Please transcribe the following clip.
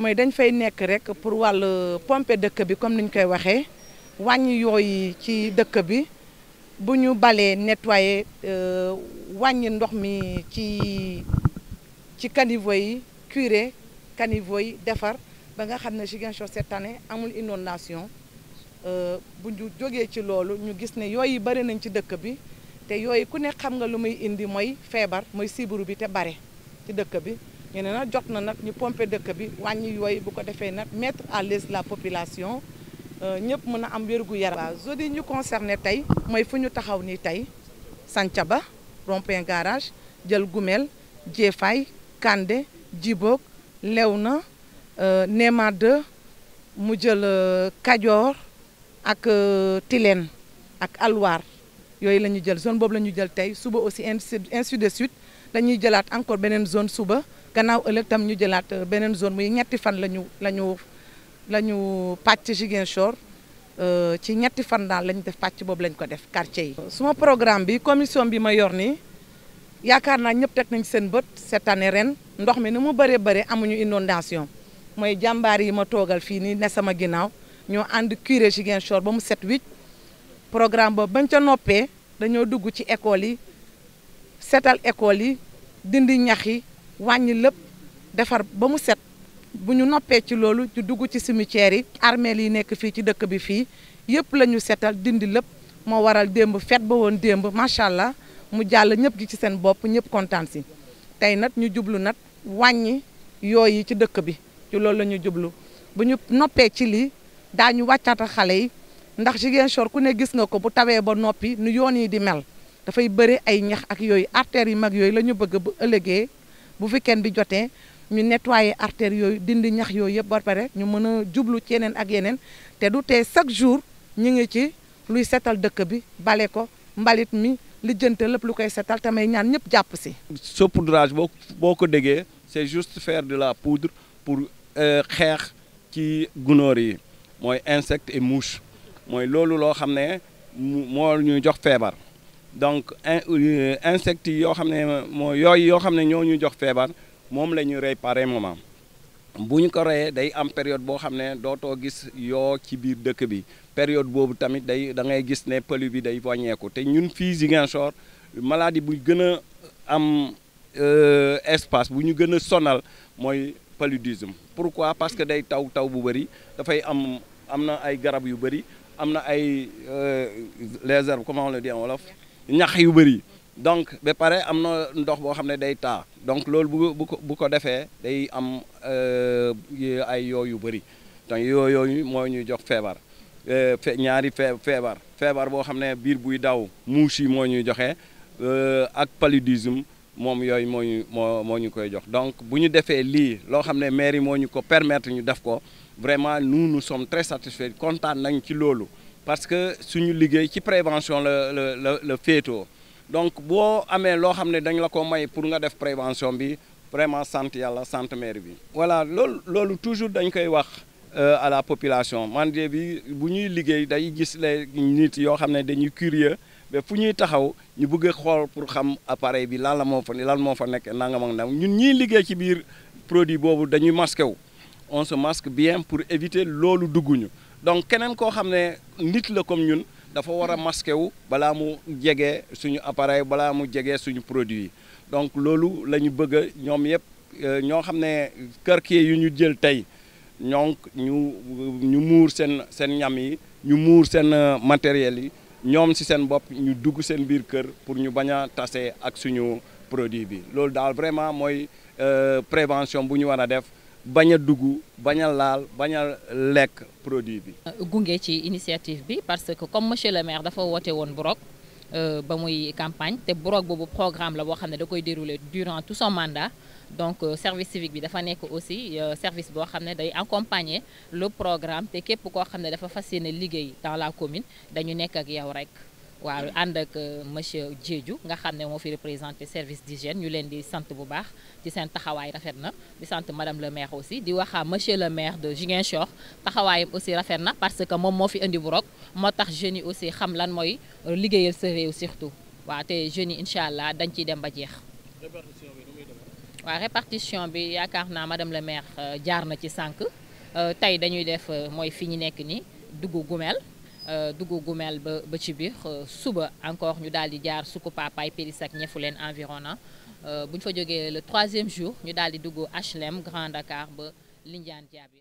mooy dañ fay nekk rek pour wàllu pomper dëkk bi comme niñ koy waxee wàññi yooyu ci dëkk bi bu ñu balee nettoyer euh, wàññi ndox mi ci ci caniveau yi curé caniveau yi defar ba nga xam ne Ziguinchor cette année amul inondation euh, bu ñu jógee ci loolu ñu gis ne yooyu bëri nañ ci dëkk bi te yooyu ku nekk xam nga lu muy indi mooy feebar mooy sibiru bi te bare ci dëkk bi ñu ne nag jot na nag ñu pomper dëkk bi wàññi yooyu bu ko défé nak mettre à l'aise la population euh, ñëpp mën a am wérgu yaram. waaw jodi ñu concerné tay moy fu ñu taxaw ni tay Santhiaba rond un garage jël Gumel Jéefay kandé Djibok euh Néma 2 mu jël euh, kadior ak euh, Tilène ak alwar yoy lañu ñu jël zone boobu lañu ñu jël tey suba aussi ainsi de suite dañuy jëlaat encore benen zone suba. gannaaw ëllëg tam ñu jëlaat euh, beneen zone muy ñetti fan la ñu la ñu la ñu pàcc Ziguinchor euh, ci ñetti fan daal lañu def pàcc boobu lañ ko def quartier yi. suma programme bi commission bi ma yor nii yaakaar naa ñëpp teg nañ seen bët cette année ren ndox mi ni mu bëree bëri amuñu inondation mooy jàmbaar yi ma toogal fii nii ne sama ginnaaw ñoo ànd curé Ziguinchor ba mu set wicc programme boobu bañ ca noppee dañoo dugg ci école yi setal école yi dindi ñax yi wàññi lépp defar ba mu set bu ñu noppee ci loolu ñu dugg ci cimetière yi armeel yi nekk fii ci dëkk bi fii yëpp lañu ñu setal dindi lépp moo waral démb fet ba woon démb macha allah mu jàll ñëpp gi ci seen bopp ñëpp kontaan si tey nag ñu jublu nag wàññi yi ci dëkk bi ci loolu la ñu jublu bu ñu noppee ci lii daañu wàccaata xale yi ndax Ziguinchor ku ne gis nga ko bu tawee ba noppi nu yoon yi di mel dafay bëri ay ñax ak yooyu artères yi mag yooyu la ñu bëgg bu ëllëgee bu weekend bi jotee ñu nettoyer artères yooyu dindi ñax yooyu yëpp ba pare ñu mën a jublu ci yeneen ak yeneen te du tee chaque jour ñu ngi ci luy setal dëkk bi bale ko mbalit mi lijjante lépp lu koy setal tamay ñaan ñëpp jàpp si. saupoudrage boo boo ko déggee c'est juste faire de la poudre pour euh, xeex ci gunóor yi mooy insecte et mouches mooy loolu loo xam ne moo jox feebar donc euh, insectes qui yoo xam ne moo jox la moment am période boo xam ne gis ci bi période tamit day da ngay gis ne pëlu day wàññeeku ñun maladie bu gën a am euh, espace bu sonal paludisme pourquoi parce que day taw taw bu am am ay garab yu euh, comment on le dit en wolof ñax yu bëri donc ba pare am na ndox boo xam ne day taa donc loolu bu bu ko bu ko defee day am euh, ay yoo yu bëri donc yoo yooyu moo ñuy jox feebar euh, fe ñaari fee feebar feebar boo xam ne biir buy daw mouche yi moo ñuy joxe euh, ak paludisme moom yooyu moo ñu moo moo ñu koy jox donc bu ñu defee lii loo xam ne mairie moo ñu ko permetre ñu def ko vraiment nous nous sommes très satisfaits kontaan nañ ci loolu. parce que suñu liguey ci prévention le le le le féetoo donc bo amé lo xamné dañ la ko may pour nga def prévention bi vraiment sante yalla sante mère bi. voilà loolu l'ol toujours dañ koy wax euh, à la population man de bi bu ñuy liggéey day gis les nit yo xamné dañuy curieux mais fu ñuy taxaw ñu bëgg xol pour xam appareil bi lan la mo fa lan mo fa nek nangam ak nangam ñun ñi liguey ci bir produit bobu dañuy masqué on se masque bien pour éviter loolu dugguñu donc kenen ko nit la comme ñun dafa wara masquer wu bala mu suñu appareil bala mu suñu produit donc nous lañu bëgg ñom yépp euh, ño ne yu ñu jël tay ñu ñu ñam yi ñu euh, matériel yi ñom ci sen bop ñu dugg kër pour ñu baña nous ak suñu produit bi vraiment euh, prévention bu ñu bañ a dugg bañ a laal bañ a lekk produit bi. gunge ci initiative bi parce que comme monsieur le maire dafa woote woon Brok euh, ba muy campagne te Brok boobu programme la boo xam ne da koy dérouler durant tout son mandat donc euh, service civique bi dafa nekk aussi euh, service boo xam ne day accompagner le programme te képp koo xam ne dafa fas yéene liggéey dans la commune dañu nekk ak yow rek. waaw ànd ak euh, monsieur Diédiou nga xam ne moo fi représenté service d'hygiène ñu leen di sant bu baax ci seen taxawaay rafet na di sant madame le maire aussi di waxaa monsieur le maire de Ziguinchor taxawaayam aussi rafet na parce que moom moo fi indi bu rog moo tax jeunes yi aussi xam lan mooy euh, liggéeyal sa réew surtout waaw te jeunes yi incha allah dañ ciy dem ba jeex répartition bi waaw répartition bi yaakaar naa madame le maire euh, jaar na ci sànq tey dañuy def mooy fi ñu nekk ni dugg Gumel euh, dugg Gumel ba ba ci biir euh, suba encore ñu daal di jaar Sukku Papaay Péris ak ñefu leen ah. euh, fa joggé le troisième jour ñu daal di dugg HLM Grand Dakar ba Lindiane